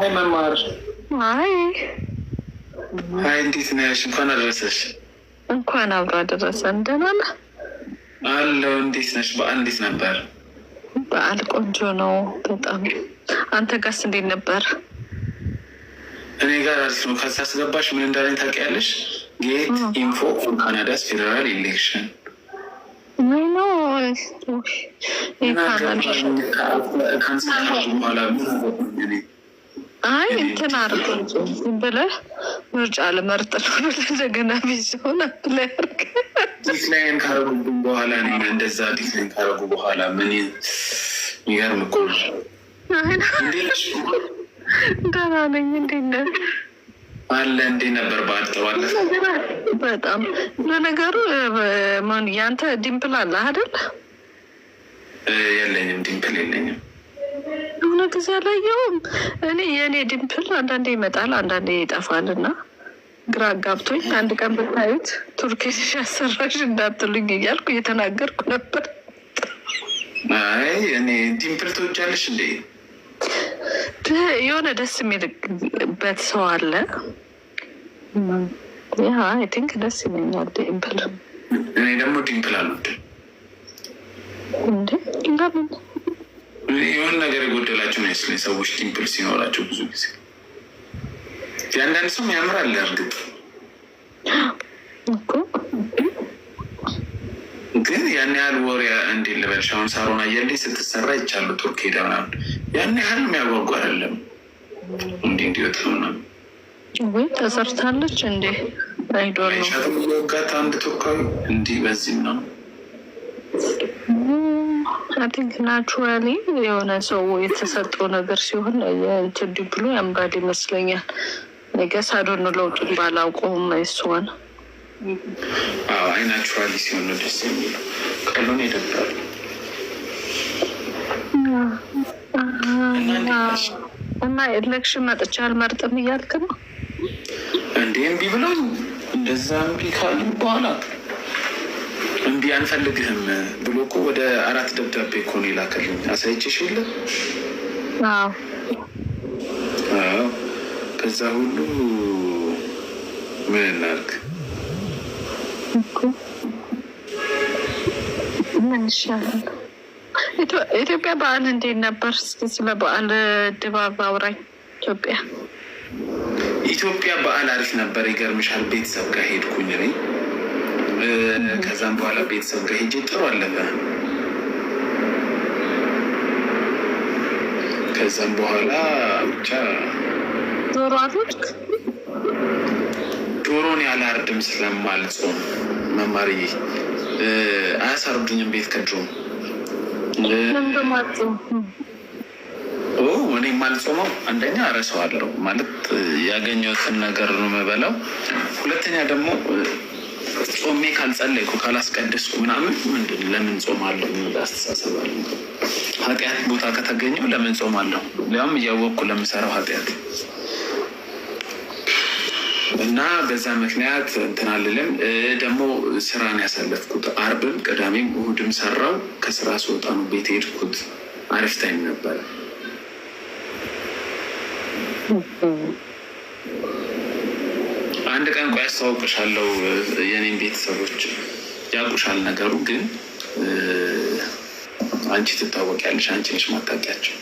ወይ መማር? አይ አይ፣ እንዴት ነሽ? እንኳን አደረሰሽ። እንኳን አብሮ አደረሰን። ደህና ነህ አለው። እንዴት ነሽ? በዓል እንዴት ነበር? በዓል ቆንጆ ነው በጣም። አንተ ጋስ እንዴት ነበር? እኔ ጋር አሪፍ ነው። ከዛ አስገባሽ ምን እንዳለኝ ታውቂያለሽ? ጌት ኢንፎ ካናዳስ ፌዴራል ኢሌክሽን ነው አይ እንትን አርጎ ዝም ብለህ ምርጫ ለመርጥ ነው እንደገና ቢሆን አላርግ ዲስናይን ካረጉብን በኋላ እንደዛ ዲስናይን ካረጉ በኋላ ምን ይገርም እኮ ደህና ነኝ። እንዴት ነህ? አለ እንዴ ነበር በአጠባለ በጣም ለነገሩ ያንተ ዲምፕል አለ አይደል? የለኝም፣ ዲምፕል የለኝም። የሆነ ጊዜ አላየውም። እኔ የእኔ ድምፕል አንዳንዴ ይመጣል፣ አንዳንዴ ይጠፋል እና ግራ አጋብቶኝ አንድ ቀን ብታዩት ቱርኪሽ አሰራሽ እንዳትሉኝ እያልኩ እየተናገርኩ ነበር። አይ እኔ ዲምፕል ትወጃለሽ እንዴ? የሆነ ደስ የሚልበት ሰው አለ። አይ ቲንክ ደስ ይለኛል ዲምፕል። እኔ ደግሞ ዲምፕል አልወድም እንዴ። ለምን? የሆን ነገር የጎደላቸው ይመስለኝ ሰዎች ዲምፕል ሲኖራቸው ብዙ ጊዜ የአንዳንድ ሰው ያምራል። እርግጥ ግን ያን ያህል ወሬ እንዴት ልበልሽ? አሁን ሳሮን አየልኝ ስትሰራ ይቻሉ ቱርክ ሄዳ ምናምን ያን ያህል የሚያጓጉ አይደለም። እንዲ እንዲወጣ ምናምን ወይ ተሰርታለች እንዴ አይዶል ነው ወጋት አንድ ቱርካዊ እንዲህ በዚህ ምናምን ቲንክ ናቹራሊ የሆነ ሰው የተሰጠው ነገር ሲሆን የችድ ብሎ ያምራል ይመስለኛል። ነገስ አዶነ ለውጡን ባላውቀውም አይስሆን አይ ናቹራሊ ሲሆን ነው ደስ የሚለው። ቀሎን ይደብራል እና ኤሌክሽን መጥቼ አልመርጥም እያልክ ነው እንዴ? እምቢ ብለው እንደዛ እምቢ ካሉ በኋላ እንዲህ አንፈልግህም ብሎ እኮ ወደ አራት ደብዳቤ እኮ ነው የላከልኝ። አሳይቼሽ የለ ከዛ ሁሉ ምን እናርግ? ምን ይሻላል? ኢትዮጵያ በዓል እንዴት ነበር? እስኪ ስለ በዓል ድባብ አውራኝ። ኢትዮጵያ ኢትዮጵያ በዓል አሪፍ ነበር። ይገርምሻል ቤተሰብ ጋር ሄድኩኝ እኔ ከዛም በኋላ ቤተሰብ ጋር ሄጄ ጥሩ አለፈ። ከዛም በኋላ ብቻ ዶሮ አሮች ዶሮን ያላርድም ስለማልጾም መማሪ አያሳርዱኝም ቤት ከድሮም እኔ የማልጾመው አንደኛ እረሳዋለሁ ማለት ያገኘሁትን ነገር ነው የምበላው። ሁለተኛ ደግሞ ጾሜ ካልጸለይኩ ካላስቀደስኩ ምናምን ምንድን ለምን ጾም አለሁ አስተሳሰብ አለ። ኃጢአት ቦታ ከተገኘው ለምን ጾም አለሁ? ሊያም እያወቅኩ ለምሰራው ኃጢአት እና በዛ ምክንያት እንትን አልልም። ደግሞ ስራን ያሳለፍኩት አርብም፣ ቅዳሜም እሁድም ሰራው። ከስራ ስወጣ ነው ቤት ሄድኩት። አሪፍ ታይም ነበረ። አንድ ቀን ቆይ አስተዋውቅሻለሁ። የኔም ቤተሰቦች ያውቁሻል። ነገሩ ግን አንቺ ትታወቂያለሽ። አንቺ ነሽ ማታውቂያቸው።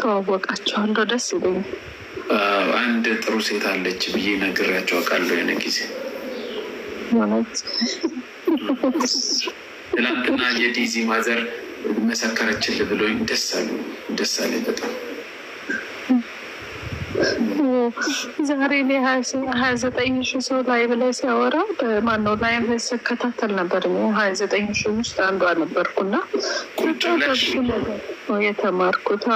ተዋወቃቸዋለሁ። ደስ ይለኛል። አንድ ጥሩ ሴት አለች ብዬ ነግሬያቸው አውቃለሁ። የሆነ ጊዜ ትናንትና የዲዚ ማዘር መሰከረችል ብሎኝ ደስ አሉ ደስ አለኝ በጣም ዛሬ እኔ ሀያ ዘጠኝ ሺ ሰው ላይ ብላይ ሲያወራ ማነው ላይ ስከታተል ነበር። ሀያ ዘጠኝ ሺ ውስጥ አንዷ ነበርኩና የተማርኩት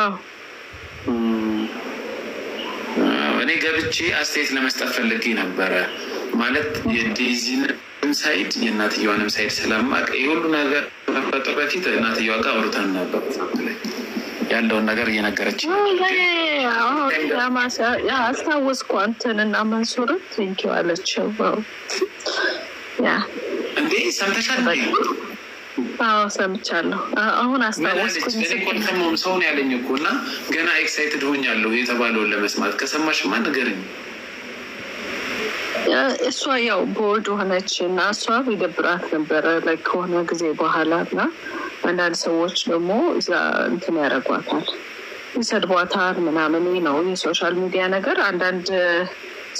እኔ ገብቼ አስተያየት ለመስጠት ፈልጌ ነበረ። ማለት የዴዚን ሳይድ የእናትየዋንም ሳይድ ስለማቅ የሁሉ ነገር መፈጠር በፊት እናትየዋ ጋር አውርተን ነበር ላይ ያለውን ነገር እየነገረች አስታወስኩ። አንተን እና መንሱርን ቴንኪው አለችው። እንዴ ሰምተሻል? አዎ ሰምቻለሁ። አሁን አስታወስኩኝ። ሰውን ያለኝ እኮ እና ገና ኤክሳይትድ ሆኛለሁ የተባለውን ለመስማት ከሰማሽማ ንገረኝ። እሷ ያው ቦርድ ሆነች እና እሷ ይደብራት ነበረ ከሆነ ጊዜ በኋላ እና አንዳንድ ሰዎች ደግሞ እንትን ያደርጓታል፣ ይሰድቧታል፣ ምናምን ነው የሶሻል ሚዲያ ነገር። አንዳንድ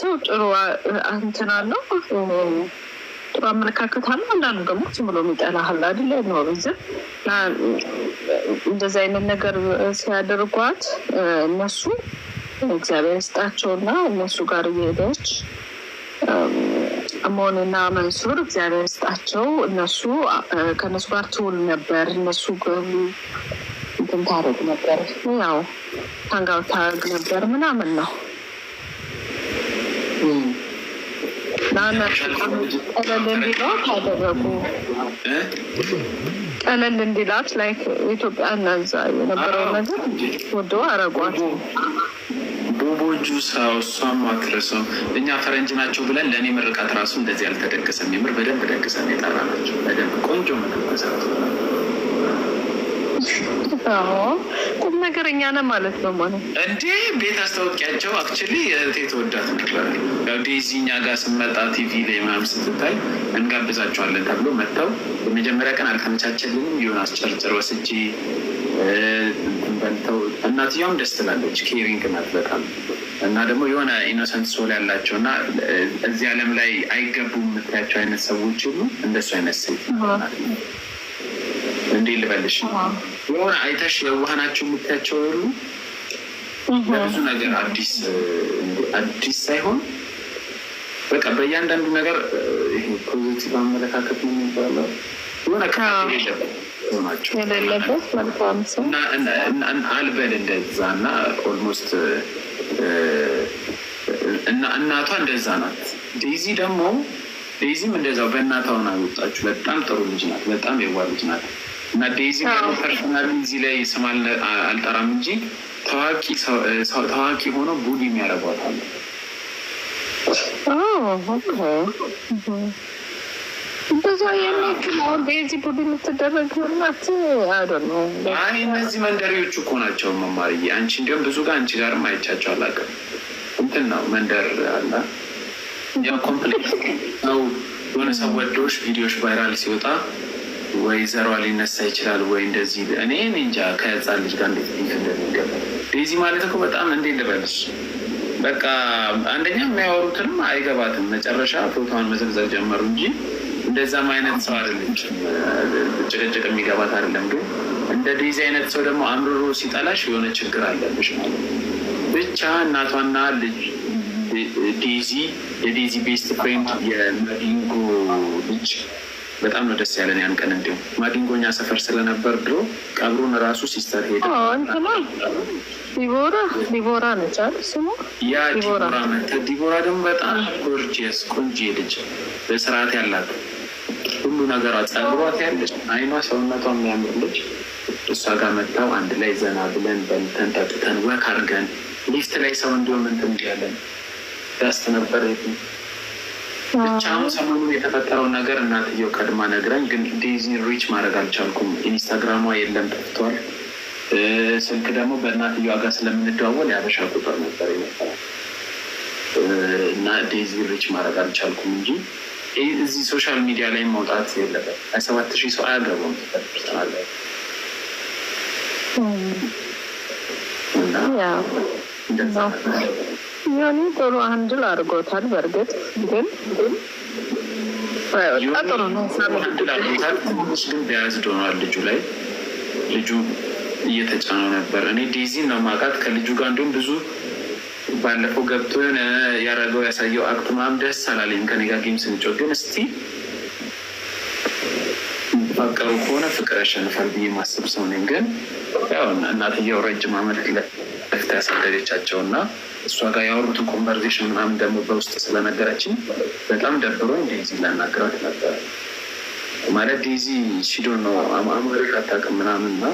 ሰው ጥሩ እንትን አለው ጥሩ አመለካከት አለ። አንዳንዱ ደግሞ ዝም ብሎ የሚጠላህል አይደለ ነው ብዝም እንደዚ አይነት ነገር ሲያደርጓት እነሱ እግዚአብሔር ስጣቸውና እነሱ ጋር እየሄደች እሞንና መንሱር እግዚአብሔር ስጣቸው። እነሱ ከነሱ ጋር ትውል ነበር። እነሱ እንትን ታደርግ ነበር፣ ያው ታንጋው ታደርግ ነበር ምናምን ነው ቀለል እንዲላት አደረጉ። ቀለል እንዲላት ላይ ኢትዮጵያ እናዛ የነበረው ነገር ወደው አረጓት ውቦቹ ጁስ እሷም አትረሱም። እኛ ፈረንጅ ናቸው ብለን ለእኔ ምርቃት ራሱ እንደዚህ አልተደገሰም። የምር በደንብ ደግሰን የጠራ ናቸው። በደንብ ቆንጆ መሰረት ቁም ነገረኛ ነህ ማለት ነው። ማለት እንዴ ቤት አስታወቂያቸው አክቹዋሊ እህቴ ተወዳት ነበር። ዴዚ እኛ ጋር ስመጣ ቲቪ ላይ ምናምን ስትታይ እንጋብዛቸዋለን ተብሎ መጥተው የመጀመሪያ ቀን አልተመቻቸልንም። ዮናስ አስጨርጭር ወስጄ በልተው እናትየውም ደስ ትላለች። ኬሪንግ ናት በጣም እና ደግሞ የሆነ ኢኖሰንት ሶል ያላቸው እና እዚህ ዓለም ላይ አይገቡም የምታያቸው አይነት ሰዎች ሁሉ እንደሱ አይነት ሴት እንዲህ ልበልሽ የሆነ አይተሽ የዋህናቸው የምታያቸው ሁሉ ለብዙ ነገር አዲስ አዲስ ሳይሆን በቃ በእያንዳንዱ ነገር ፖዚቲቭ አመለካከት ነው የሚባለው የሆነ ናቸው አልበን እንደዛ እና ኦልሞስት እና እናቷ እንደዛ ናት። ዴዚ ደግሞ ዴዚም እንደዛው በእናቷ ሆና ወጣችሁ። በጣም ጥሩ ልጅ ናት። በጣም የዋ ልጅ ናት። እና ዴዚ ደግሞ ፐርሶናል እዚህ ላይ ስም አልጠራም እንጂ ታዋቂ ሆኖ ቡድ የሚያደርጓታል ብዙ የሚክል ቤዚ ቡድን የምትደረግ ናት። አይ እነዚህ መንደሪዎች እኮ ናቸው መማርዬ። አንቺ እንዲሁም ብዙ ጋር አንቺ ጋርም አይቻቸው አላውቅም። እንትን ነው መንደር አለ ያው ኮምፕሌክስ ነው የሆነ ሰው ወዶች ቪዲዮዎች ቫይራል ሲወጣ ወይ ዘሯ ሊነሳ ይችላል ወይ እንደዚህ እኔ እንጃ ከህፃን ልጅ ጋር እንዴት እንደሚገባ ቤዚ ማለት እኮ በጣም እንዴ ልበልሽ በቃ አንደኛ የሚያወሩትንም አይገባትም። መጨረሻ ፎቶዋን መዘግዘግ ጀመሩ እንጂ እንደዛም አይነት ሰው አይደለችም። ጭቅጭቅ የሚገባት አይደለም። ግን እንደ ዴዚ አይነት ሰው ደግሞ አምርሮ ሲጠላሽ የሆነ ችግር አለብሽ ማለት ብቻ እናቷና ልጅ ዴዚ የዴዚ ቤስት ፍሬንድ የማዲንጎ ልጅ በጣም ነው ደስ ያለን ያን ቀን። እንዲሁም ማዲንጎኛ ሰፈር ስለነበር ድሮ ቀብሩን ራሱ ሲስተር ሄደ ዲቦራ ዲቦራ ነች ስሙ ያ ዲቦራ ዲቦራ ደግሞ በጣም ጎርጅስ ቆንጆ ልጅ በስርዓት ያላት ሁሉ ነገር ጸጉሯ ያለች አይኗ ሰውነቷ የሚያምርልች እሷ ጋር መጥተው አንድ ላይ ዘና ብለን በልተን ጠጥተን ወክ አድርገን ሊስት ላይ ሰው እንዲሁም እንትን ያለን ያስት ነበር ብቻውን። ሰሞኑን የተፈጠረውን ነገር እናትየው ቀድማ ነግረን፣ ግን ዴዚ ሪች ማድረግ አልቻልኩም። ኢንስታግራሟ የለም ጠፍቷል። ስልክ ደግሞ በእናትየዋ ጋር ስለምንደዋወል ያበሻ ቁጥር ነበር ይመጣል እና ዴዚ ሪች ማድረግ አልቻልኩም እንጂ እዚህ ሶሻል ሚዲያ ላይ መውጣት የለበት። ሀያ ሰባት ሺህ ሰው አያገባም። ተናለ ዮኒ ጥሩ አንድል አድርጎታል። በእርግጥ ግን ጥሩ ነው አድርጎታል። ትንሽ ግን በያዝድ ሆኗል ልጁ ላይ ልጁ እየተጫነው ነበር። እኔ ዴዚን ነው ማውቃት ከልጁ ጋር እንዲሁም ብዙ ባለፈው ገብቶ የሆነ ያደረገው ያሳየው አቅቱ ማም ደስ አላለኝ። ከኔ ጋር ጌም ስንጮ ግን እስቲ ፈቀሩ ከሆነ ፍቅር ያሸንፋል ብዬ ማሰብ ሰው ነኝ። ግን ያው እናትየው ረጅም አመት ለፍታ ያሳደገቻቸው እና እሷ ጋር ያወሩትን ኮንቨርሴሽን ምናምን ደግሞ በውስጥ ስለነገረችኝ በጣም ደብሮ እንደዚ ላናግራት ነበር ማለት ዴዚ ሲዶ ነው አማሪክ አታውቅም ምናምን ነው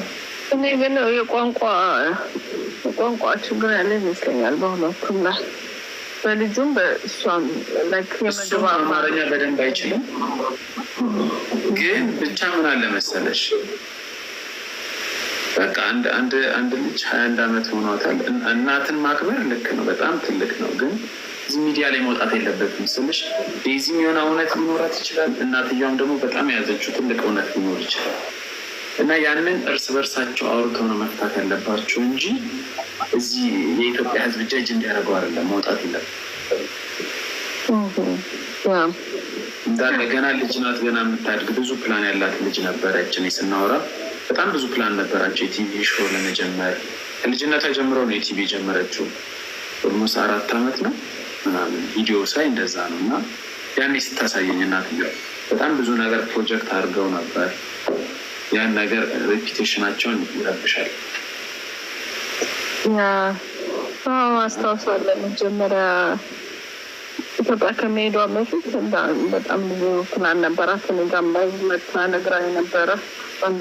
እኔ የቋንቋ ችግር ያለ ይመስለኛል። በአሁኑ በልጁም በእሷም እሱም አማርኛ በደንብ አይችልም። ግን ብቻ ምን አለ መሰለሽ በቃ አንድ አንድ ልጅ ሀያ አንድ አመት ሆኗታል። እናትን ማክበር ልክ ነው፣ በጣም ትልቅ ነው። ግን እዚህ ሚዲያ ላይ መውጣት የለበትም ስልሽ የዚህም የሆነ እውነት ሊኖራት ይችላል። እናትየዋም ደግሞ በጣም የያዘችው ትልቅ እውነት ሊኖር ይችላል። እና ያንን እርስ በርሳቸው አውርተው ነው መፍታት ያለባቸው እንጂ እዚህ የኢትዮጵያ ሕዝብ ጃጅ እንዲያደርገው አይደለም መውጣት የለም። እንዳለ ገና ልጅ ናት፣ ገና የምታድግ ብዙ ፕላን ያላት ልጅ ነበረች። እኔ ስናወራ በጣም ብዙ ፕላን ነበራቸው የቲቪ ሾ ለመጀመር ከልጅነቷ ጀምሮ ነው የቲቪ የጀመረችው። ኦልሞስ አራት ዓመት ነው ምናምን ቪዲዮ ሳይ እንደዛ ነው እና ያኔ ስታሳየኝ እናት በጣም ብዙ ነገር ፕሮጀክት አድርገው ነበር ያን ነገር ሬፒቴሽናቸውን ይረብሻል። አስታውሳለን መጀመሪያ ኢትዮጵያ ከመሄዷ በፊት በጣም ብዙ ፕላን ነበራት። ኔጋም ላይ መታ ነግራ ነበረ አንዴ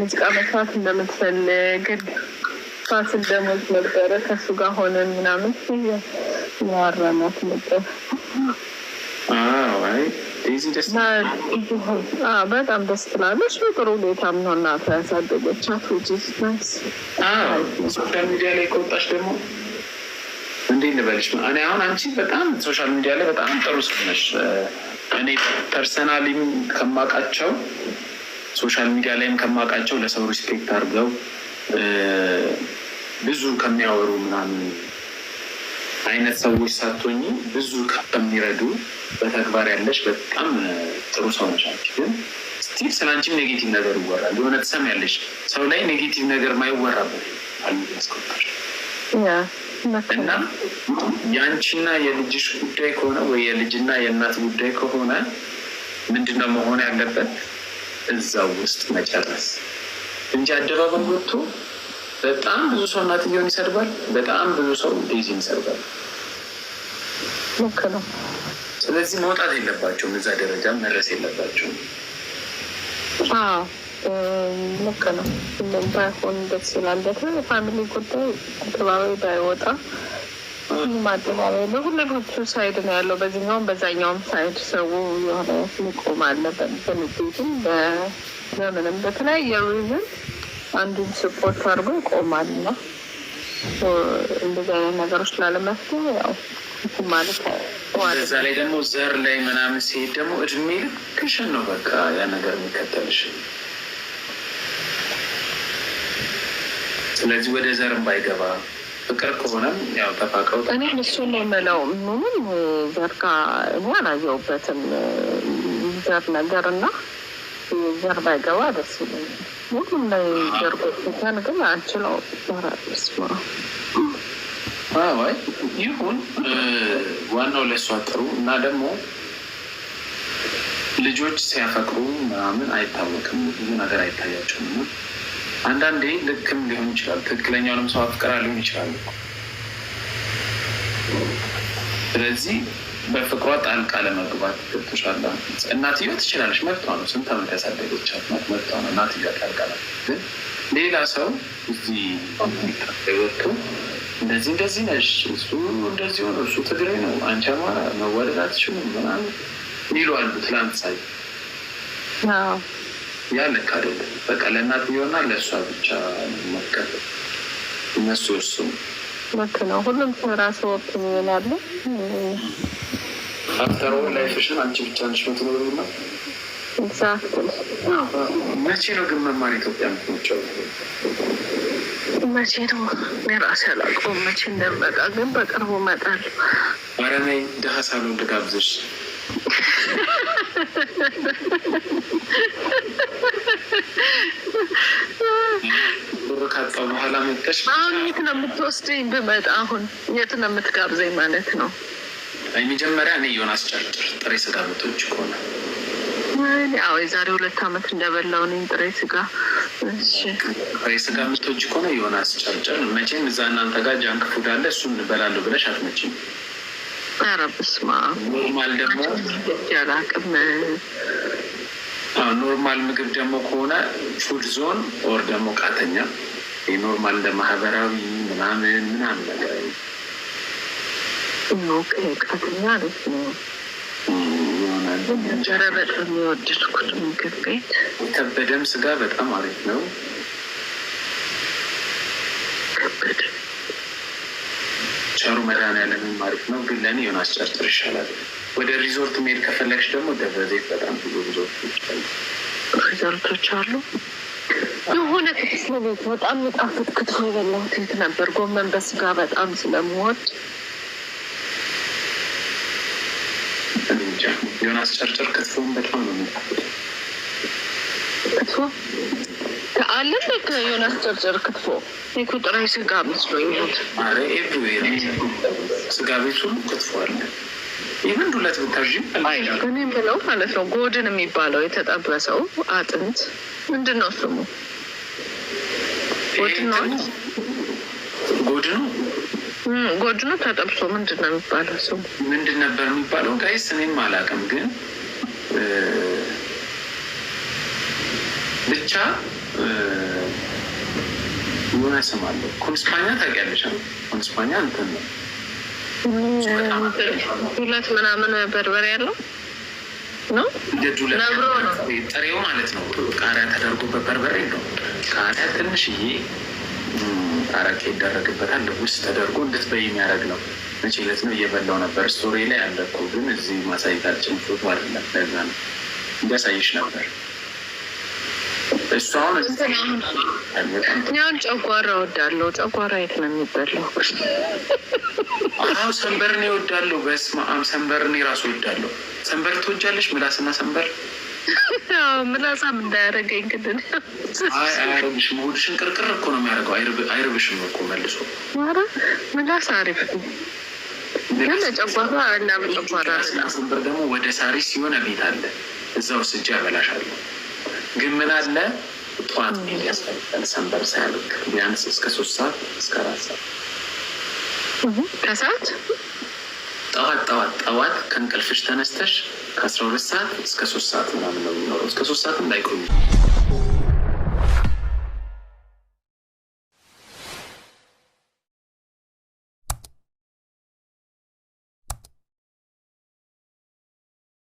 ሙዚቃ መስራት እንደምትፈልግ ፋሲል እንደሞት ነበረ ከሱ ጋር ሆነን ምናምን ያረናት ነበር። Ah, በጣም ደስ ትላለች። ፍቅሩ ሁኔታ ያሳደገቻት ሶሻል ሚዲያ ላይ ከወጣች ደግሞ እንዴት ልበልሽ፣ እኔ አሁን አንቺ በጣም ሶሻል ሚዲያ ላይ በጣም ጥሩ ሰው ነሽ። eh, እኔ ፐርሰናሊም ከማውቃቸው ሶሻል ሚዲያ ላይም ከማውቃቸው ለሰው ሪስፔክት አድርገው eh, ብዙ ከሚያወሩ ምናምን አይነት ሰዎች ሳትሆኝ ብዙ ከሚረዱ በተግባር ያለች በጣም ጥሩ ሰዎች ናቸው። ግን ስቲል ስለ አንቺም ኔጌቲቭ ነገር ይወራል። የሆነ ትሰም ያለች ሰው ላይ ኔጌቲቭ ነገር ማይወራበት አሉ ያስቆጣል። እና የአንቺና የልጅሽ ጉዳይ ከሆነ ወይ የልጅና የእናት ጉዳይ ከሆነ ምንድነው መሆን ያለበት እዛው ውስጥ መጨረስ እንጂ አደባባይ ወጥቶ በጣም ብዙ ሰው እናትየውን ይሰድባል። በጣም ብዙ ሰው ዴዚን ይሰድባል። ልክ ነው። ስለዚህ መውጣት የለባቸውም። እዛ ደረጃ መድረስ የለባቸውም። ልክ ነው። ባይሆን ደስ ይላል። ፋሚሊ ጉዳይ አደባባይ ባይወጣ አደባባይ በሁለቱ ሳይድ ነው ያለው። በዚኛውም በዛኛውም ሳይድ ሰው የሆነ ሚቆም አለበት። በንዴትም በምንም በተለያየ ሪዝን አንዱን ስፖርት አድርጎ ይቆማል እና እንደዚህ አይነት ነገሮች ላለመፍትሄ ያው ማለት ላይ ደግሞ ዘር ላይ ምናምን ሲሄድ ደግሞ እድሜ ልክሽን ነው በቃ ያ ነገር የሚከተልሽ። ስለዚህ ወደ ዘር ባይገባ ፍቅር ከሆነም ያው ተፋቀው እኔ እሱን ነው የምለው። ምንም ዘር ጋ እኔ አየውበትም ዘር ነገር እና ዘር ባይገባ ደስ ይለኛል። ሁሉም ላይ ደርጎበታል። ግን አችለው ይባላልስ ይሁን ዋናው ለእሷ ጥሩ እና ደግሞ ልጆች ሲያፈቅሩ ምናምን አይታወቅም፣ ብዙ ነገር አይታያቸውም። እና አንዳንዴ ልክም ሊሆን ይችላል፣ ትክክለኛውንም ሰው አፍቅራ ሊሆን ይችላል። ስለዚህ በፍቅሯ ጣልቃ ለመግባት ገብቶሻል። እናትዮ ትችላለች፣ መብቷ ነው። ስንት ዓመት ያሳደገቻት ናት፣ መብቷ ነው። እናትዮ ጣልቃ ግን ሌላ ሰው እዚህ ወጥቶ እንደዚህ እንደዚህ ነሽ፣ እሱ እንደዚህ ሆነ፣ እሱ ትግሬ ነው፣ አንቺ አማራ መዋደድ አትችሉም ምናምን ይሉ ትላንት ሳይ ያ ልክ አይደለም። በቃ ለእናትየውና ለእሷ ብቻ መቀበል እነሱ እርሱም ልክ ነው። ሁሉም ሰው ራሱ ወቅት ይሆናሉ። አፍተሮ ላይፍሽን አንቺ ብቻ ነሽ ምትኖሩ ና መቼ ነው ግን መማር ኢትዮጵያ ምትመቸው? መቼ ነው የራሴ አላውቀውም። መቼ እንደመጣ ግን በቅርቡ እመጣለሁ። ኧረ ነይ ደሀ ሳሎን ልጋብዝሽ። ካጣ በኋላ መጠሽ አሁን የት ነው የምትወስደኝ? ብመጣ አሁን የት ነው የምትጋብዘኝ ማለት ነው? መጀመሪያ እኔ ጥሬ ስጋ ከሆነ የዛሬ ሁለት ዓመት እንደበላው ነኝ ጥሬ ስጋ ጥሬ ስጋ ምቶች ከሆነ የሆነ አስጨርጭር መቼም እዛ እናንተ ጋር ጃንክ ፉድ አለ እሱ እንበላለሁ ብለሽ አትመጪም ኧረ በስመ አብ ኖርማል ደግሞ ያላቅም ኖርማል ምግብ ደግሞ ከሆነ ፉድ ዞን ኦር ደግሞ ቃተኛ የኖርማል እንደ ማህበራዊ ምናምን ምናምን ነገር ቃተኛ አለት ነው። እንጀራ በጣም የወደድኩት ምግብ ቤት ከበደም ስጋ በጣም አሪፍ ነው። ዶክተሩ መድኃኒዓለም አሪፍ ነው፣ ግን ለእኔ የሆነ ጨርጭር ይሻላል። ወደ ሪዞርት መሄድ ከፈለግሽ ደግሞ ደብረ ዘይት በጣም ብዙ ሪዞርቶች አሉ። ሪዞርቶች አሉ። የሆነ ክትፎ ቤት በጣም የጣፍጥ ክትፎ የበላሁት የት ነበር? ጎመን በስጋ በጣም ስለምወድ ዮናስ ጨርጭር ክትፎን በጣም ነው ክትፎ አለ የሆነ ጨርጨር ክትፎ እኮ ጥሬ ስጋ መስሎኝ ስጋ ቤቱ ክትፎ አለ። ይህን ዱለት ብታዥ እኔ ብለው ማለት ነው። ጎድን የሚባለው የተጠበሰው አጥንት ምንድን ነው ስሙ? ጎድኑ ጎድኑ ተጠብሶ ምንድን ነው የሚባለው ስሙ ምንድን ነበር የሚባለው? ጋይስ እኔም አላውቅም ግን ብቻ ምን አስማለሁ ኮንስፓኛ ታውቂያለሽ? ኮንስፓኛ እንትን ነው ዱለት ምናምን በርበሬ ያለው ነው ጥሬው ማለት ነው። ቃሪያ ተደርጎበት በርበሬ ነው። ቃሪያ ትንሽዬ አረቄ ይደረግበታል። ውስጥ ተደርጎ እንድትበይ የሚያደርግ ነው። መቼ ዕለት ነው እየበላው ነበር። ስቶሪ ላይ አለ እኮ ግን እዚህ ማሳየት አልችልም። ፎቶ አይደለም ለዛ ነው እንዲያሳይሽ ነበር እኛን ጨጓራ ወዳለው ጨጓራ የት ነው የሚበላው? አሁን ሰንበርን ይወዳለሁ። በስመ አብ ሰንበርን ራሱ ይወዳለሁ። ሰንበር ትወጃለሽ? ምላስና ሰንበር ምላሳም እንዳያደርገኝ ግድን አያረግሽም። ሆድሽን ቅርቅር እኮ ነው የሚያደርገው። አይርብሽም እኮ መልሶ። ኧረ ምላስ አሪፍ ነው። ጨጓራ እና ጨጓራ ሰንበር ደግሞ ወደ ሳሪስ ሲሆን ቤት አለ እዛው ስጃ ያበላሻለሁ ግን ምን አለ ጠዋት መሄድ ያስፈልጋል። ሰንበር ሳያልቅ ቢያንስ እስከ ሶስት ሰዓት እስከ አራት ሰዓት ከሰዓት ጠዋት ጠዋት ጠዋት ከእንቅልፍሽ ተነስተሽ ከአስራ ሁለት ሰዓት እስከ ሶስት ሰዓት ምናምን ነው የሚኖረው። እስከ ሶስት ሰዓት እንዳይቆዩ